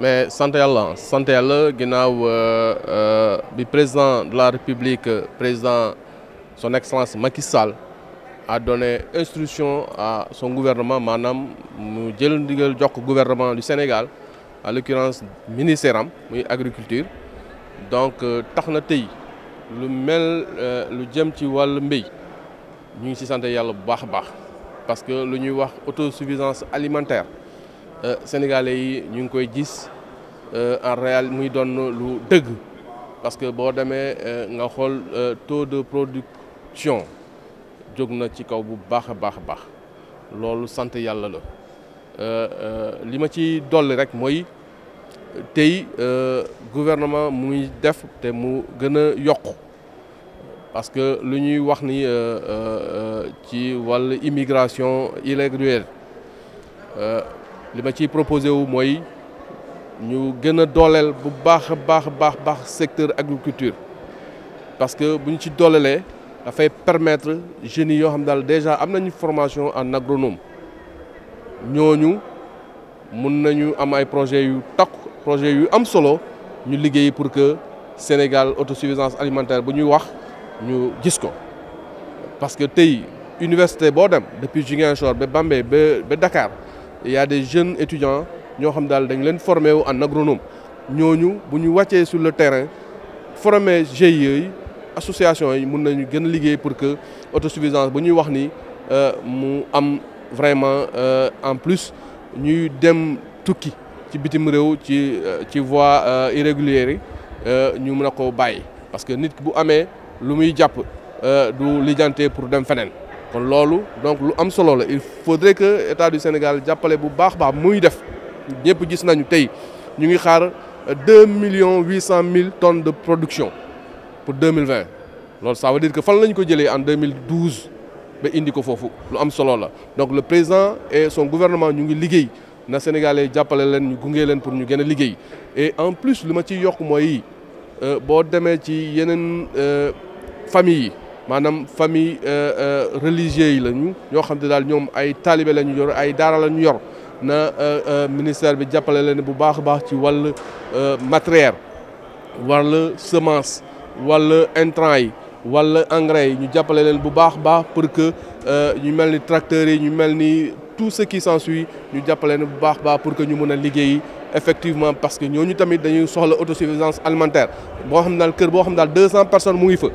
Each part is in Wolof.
mais sant yàlla sant yàlla ginnaaw euh, euh, bi président de la république euh, président son excellence Macky Sall a donné instruction à son gouvernement maanaam mu jël ndigal jox ko gouvernement du Sénégal à l'occurrence ministère am muy agriculture donc tax na tey lu mel lu jëm ci wàllu mbéy ñu ngi ci sant yàlla bu baax a baax parce que lu ñuy wax autosuffisance alimentaire Euh, sénégalais yi ñu ngi koy gis euh, en réel muy doon lu dëgg parce que boo demee euh, nga xool taux de production jóg na ci kaw bu baax a baax baax loolu sant yàlla la li ma ci dolli rek mooy tey gouvernement muy def te mu gën a yokk parce que lu ñuy wax ni ci wàllu immigration irrégulière li ma ciy proposé wu mooy ñu gën a dooleel bu baax baax baax baax secteur agriculture parce que bu ñu ci doolelee dafay permettre jeunes yoo xam daal déjà am nañu formation en agronome ñooñu mun nañu am ay projets yu takk projets yu am solo ñu liggéey pour que Sénégal autosuffisance alimentaire bu ñuy wax ñu gis ko parce que tey université boo dem depuis Ziguinchor ba Bambey ba ba Dakar il y a des jeunes étudiants ñoo xam daal dañu leen formé wu en agronome ñooñu bu ñu wàccee sur le terrain formé GIE yi association yi mun nañu gën liggéey pour que autosuffisance bu ñuy wax ni euh, mu am vraiment euh, en plus ñuy dem tukki ci bitim réew ci euh, ci voie irrégulière yi ñu mën a ko bàyyi parce que nit bu amee lu muy jàpp du lijjante pour dem feneen. kon loolu donc lu am solo la il faudrait que état du Sénégal jàppale bu baax baax muy def ñëpp gis nañu tey ñu ngi xaar deux millions huit cent mille tonnes de production pour deux mille vingt loolu ça veut dire que fan lañ ko jëlee en deux mille douze ba indi ko foofu lu am solo la donc le président et son gouvernement ñu ngi liggéey na Sénégalais jàppale leen ñu gunge leen pour ñu gën a liggéey et en plus lu ma ciy yokk mooy euh, boo demee ci yeneen euh, famille yi. maanaam famille euh, euh, religieux yi lañu ñoo xam ne daal ñoom ay taalibe lañu yor ay daara lañu yor na euh, ministère bi jàppale leen bu baax a baax ci wàll matériel wàll semence wàll entrant yi wàll engrais yi ñu jàppale leen bu baax baax pour que ñu mel ni tracteurs yi ñu mel ni tout ce qui s'ensuit ñu jàppale leen bu baax baax pour que ñu mën a liggéey effectivement parce que ñooñu tamit dañuy soxla autosuffisance alimentaire boo xam ne daal kër boo xam ne daal deux cent mu ngi fa.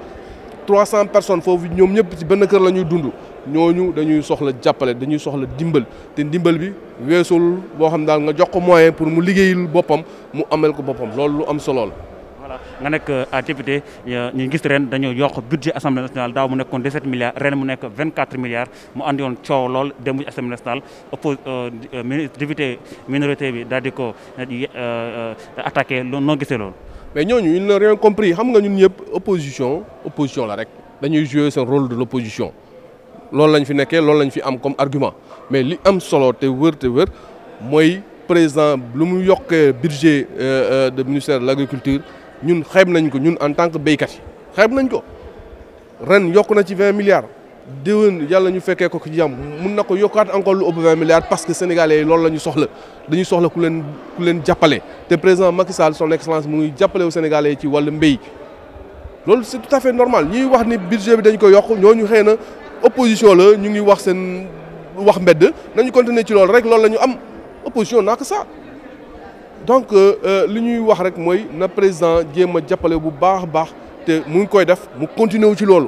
trois cent personnes foofu ñoom ñëpp ci benn kër la ñuy dund ñooñu dañuy soxla jàppale dañuy soxla dimbal te dimbal bi weesul boo xam daal nga jox ko moyen pour mu liggéeyul boppam mu amal ko boppam loolu lu am solo la voilà nga nekk euh, à député euh, ñu gis ren dañoo yokk budget assemblée nationale daa mu nekkoon 17 milliards ren mu nekk 24 milliards mu andi woon coow lool dem ci assemblée nationale oppos euh, député bi daal di ko attaqué noo gisee loolu. mais ñooñu ils n'ont rien compris xam nga ñun ñëpp opposition opposition la rek dañuy jouer seen rôle de l'opposition loolu lañ fi nekkee loolu lañ fi am comme argument mais li am solo te wër te wër mooy président lu mu yokkee budget euh, euh, de ministère de l'agriculture ñun xeeb nañ ko ñun en tant que béykat yi xeeb nañ ko ren yokk na ci vingt milliards déwén yàlla ñu fekkee ko ci jàmm mun na ko yokkaat encore lu ëpp 20 milliards parce que sénégalais yi loolu la ñu soxla dañu soxla ku leen leen jàppale te président Macky Sall son excellence mu ngi jàppale wu sénégalais yi ci wàllu mbéy. loolu c'est tout à fait normal ñuy wax ni budget bi dañ ko yokk ñooñu xëy na opposition la ñu ngi wax seen wax mbedd nañu continuer ci loolu rek loolu lañu am opposition naa ko ça donc euh, euh, li ñuy wax rek mooy na président jéem a jàppale bu baax a baax te mu ngi koy def mu continuer wu ci loolu.